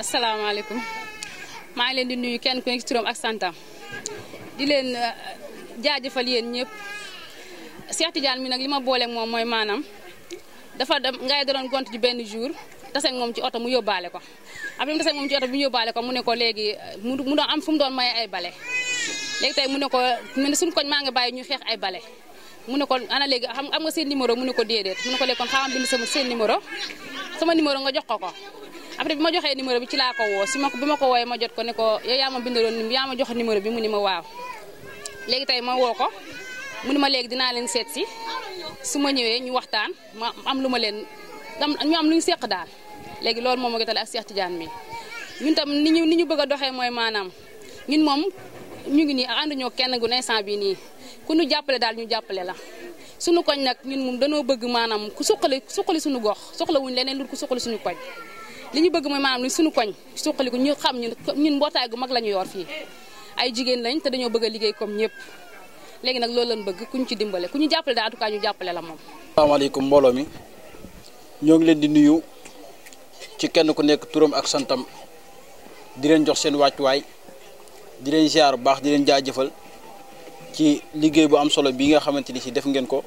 asalaamaaleykum maa ngi leen di nuyu kenn ku nekk ci turam ak santam di leen euh, jaajëfal yéen ñëpp Cheikh Tidiane mi nag li ma booleeg moom mooy maanaam dafa dem ngay da doon gont ci benn jour taseeg moom ci oto mu yóbbaale ko après mu taseeg moom ci oto bi mu yóbbaale ko mu ne ko léegi mu am fu mu doon maye ay bale léegi tey mu ne ko mu ne suñu koñ maa ngi bàyyi ñu xeex ay bale mu ne ko ana léegi xam am nga seen numéro mu ne ko déedéet mu ne ko léegi kon xaamam bind sama seen numéro sama numéro nga jox ko ko après bi ma joxee numéro bi ci laa ko woo si ma bi ma ko wooyee ma jot ko ne ko yow bind ma bindaloon yaa ma jox numéro bi mu ni ma waaw léegi tey ma woo ko mu ni ma léegi dinaa leen seet si su ma ñëwee ñu waxtaan ma am lu ma leen dam ñu am lu ñu seq daal léegi loolu moom ma jotale ak Cheikh Tidiane mi ñun tam ni ñu ni ñu bëgg a doxee mooy maanaam ñun moom ñu ngi nii ànduñoo kenn gu instant bii nii ku ñu jàppale daal ñu jàppale la suñu koñ nag ñun moom danoo bëgg maanaam ku suqali suqali suñu gox soxla leneen lu ku suñu koñ li ñu bëgg mooy maanaam ni suñu koñ suqaliku ñu xam ñun ñun mbootaay gu mag la ñu yor fii ay jigéen lañ te dañoo bëgg a liggéey comme ñëpp léegi nag loolu lañ bëgg ku ñu ci dimbale ku ñu jàppale daal en tout cas ñu jàppale la moom. asalaamaaleykum mbooloo mi ñoo ngi leen di nuyu ci kenn ku nekk turam ak santam di leen jox seen wàccuwaay di leen ziar bu baax di leen jëfal ci liggéey bu am solo bii nga xamante ni si def ngeen ko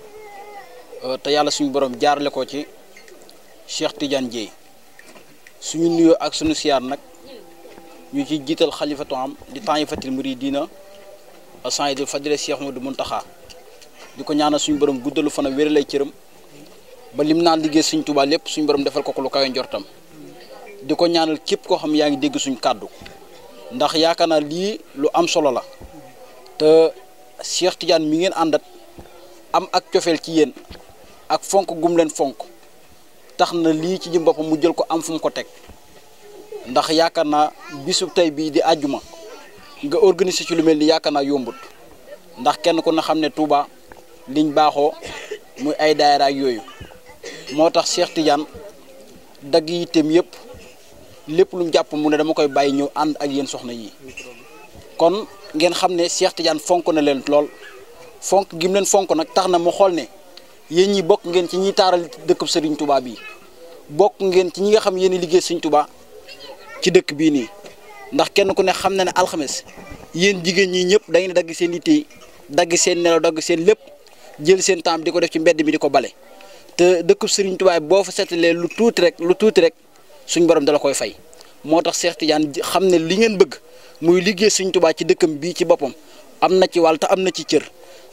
te yàlla suñu borom jaarale ko ci Cheikh Tidiane Dièye. suñu nuyo ak suñu siyaar nak ñu ci jital khalifatu am di taifatil muridina asaidul fadila Cheikh Modou Muntaxa di ko ñaanal suñu borom guddalu fana a wéral ba lim naan liggéey suñ touba lepp suñu borom defal ko ko lu kawé njortam di ñaanal kep ko xam yaangi dégg ndax yaakaana li lu am solo la te Cheikh Tidiane mi ngeen andat am ak tiofel ci yeen ak fonk gum len fonk tax na lii ci jëm boppam mu jël ko am fu mu ko teg ndax yaakaar naa bisu tey bii di àjjuma nga organiser ci lu mel ni yaakaar naa yombut ndax kenn ku na xam ne Touba liñ baaxoo muy ay daayira yooyu moo tax Cheikh Tidiane dagg yitteem yëpp lépp lu jàpp mu ne dama koy bàyyi ñëw ànd ak yéen soxna yi kon ngeen xam ne Cheikh Tidiane fonk na leen lool fonk gim leen fonk nag tax na mu xool ne yéen ñi bokk ngeen ci ñiy taaral dëkkub Serigne Touba bii bokk ngeen ci ñi nga xam yéen liggéey sëñ tubaa ci dëkk bii nii ndax kenn ku ne xam ne ne alxames yéen jigéen ñi ñëpp da ngeen dagg seen yitte dagg seen nelaw dagg seen lépp jël seen temps di ko def ci mbedd mi di ko bale te dëkku Sëriñ Tuubaa boo fa seetalee lu tuuti rek lu tuuti rek suñu borom dala koy fay moo tax Seex Tijaan xam ne li ngeen bëgg muy liggéey Sëriñ Tuubaa ci dëkkam bii ci boppam am na ci wàll am na ci cër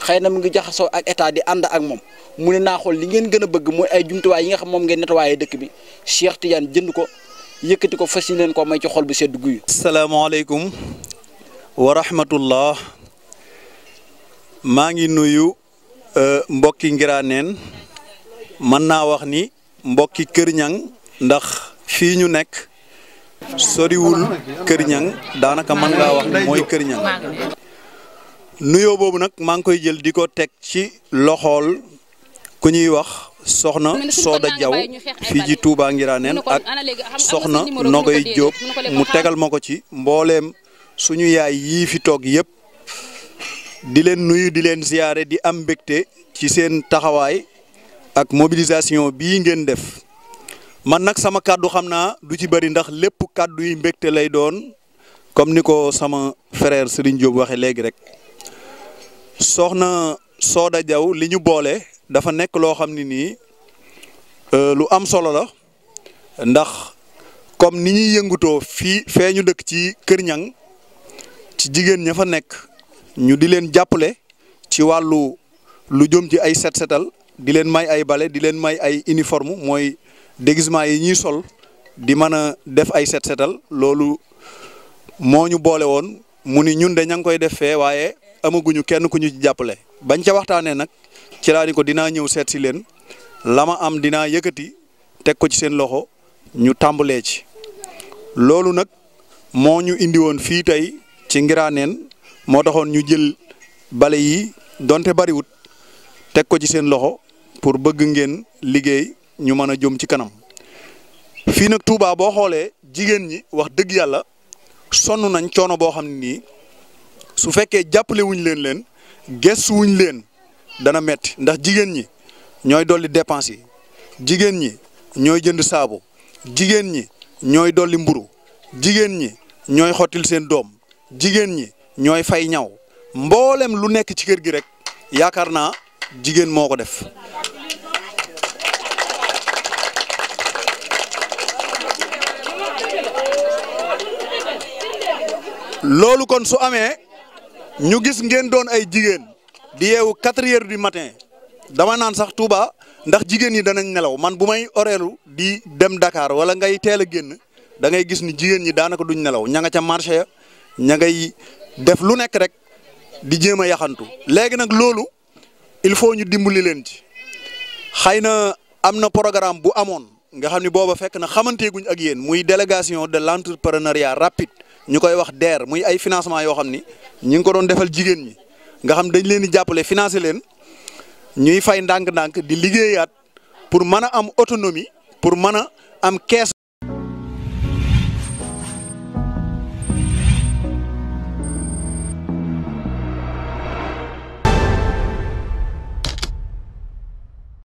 xeyna na mu ngi jaxaso ak état di and ak mom mu ne naa xool li ngeen gëna bëgg moy ay way yi nga xam mom ngeen nettoyé dëkk bi Cheikh Tidiane jënd ko yëkëti ko fas leen ko may ci xol bu sedd assalamu alaykum wa rahmatullah ma ngi nuyu euh, mbokki Ngiraneen man na wax ni mbokki Kër Ñang ndax fi ñu sori soriwul Kër Ñang daanaka man nga wax moy Kër Ñang nuyoo boobu nag maa ngi koy jël di ko teg ci loxool ku ñuy wax soxna Sooda Jaw fii ci Touba Ngiraneen ak soxna Nogoy Jóob mu tegal ma ko ci mbooleem suñu yaay yii fi toog yëpp di leen nuyu di leen ziyaare di am mbégte ci seen taxawaay ak mobilisation bii ngeen def man nag sama kàddu xam naa du ci bëri ndax lépp kàddu yi mbégte lay doon comme ni ko sama frère Serigne Diop waxee léegi rek soxna Soda Diaw li ñu boole dafa nekk loo xam ne nii euh, lu am solo la ndax comme ni ñuy yëngutoo fii fee ñu dëkk ci Kër Ñang ci jigéen ña fa nekk ñu di leen jàppale ci wàllu lu jëm ci ay set setal di leen may ay bale di leen may ay uniforme mooy déguisement yi ñuy sol di mën a def ay set setal loolu moo ñu boole woon mu ni ñun de ña ngi koy def fee waaye amaguñu kenn ku ñu ci jàppale bañ ca waxtaanee nag ci laa ni ko dinaa ñëw seet si leen la ma am dinaa yëkkati teg ko ci seen loxo ñu tàmbalee ci loolu nag moo ñu indiwoon woon fii tey ci Ngiraaneen moo taxoon ñu jël bale yi donte bariwut teg ko ci seen loxo pour bëgg ngeen liggéey ñu mën a jëm ci kanam fii nag Touba boo xoolee jigéen ñi wax dëgg yàlla sonn nañ coono boo xam ne nii su fekkee jàppale wuñ leen leen gëstu wuñ leen dana metti ndax jigéen ñi ñooy dolli dépense yi jigéen ñi ñooy jënd saabu jigéen ñi ñooy dolli mburu jigéen ñi ñooy xottil seen doom jigéen ñi ñooy fay ñaw mboolem lu nekk ci kër gi rek yaakaar naa jigéen moo ko def loolu kon su amee ñu gis ngeen doon ay jigéen di yeewu quatre heures du matin dama naan sax Touba ndax jigéen ñi danañ nelaw man bu may oreelu di dem Dakar wala ngay teel a génn da ngay gis ni jigéen ñi daanaka duñ nelaw ña nga ca marché ya ña ngay def lu nekk rek di jéem a yaxantu léegi nag loolu il faut ñu dimbali leen ci xëy na am na programme bu amoon nga xam ni booba fekk na xamanteeguñ ak yéen muy délégation de l'entrepreneuriat rapide ñu koy wax DER muy ay financement yoo xam ni ñi ngi ko doon defal jigéen ñi nga xam dañ leen di jàppale financer leen ñuy fay ndànk-ndànk di liggéeyaat pour mën a am autonomie pour mën a am kees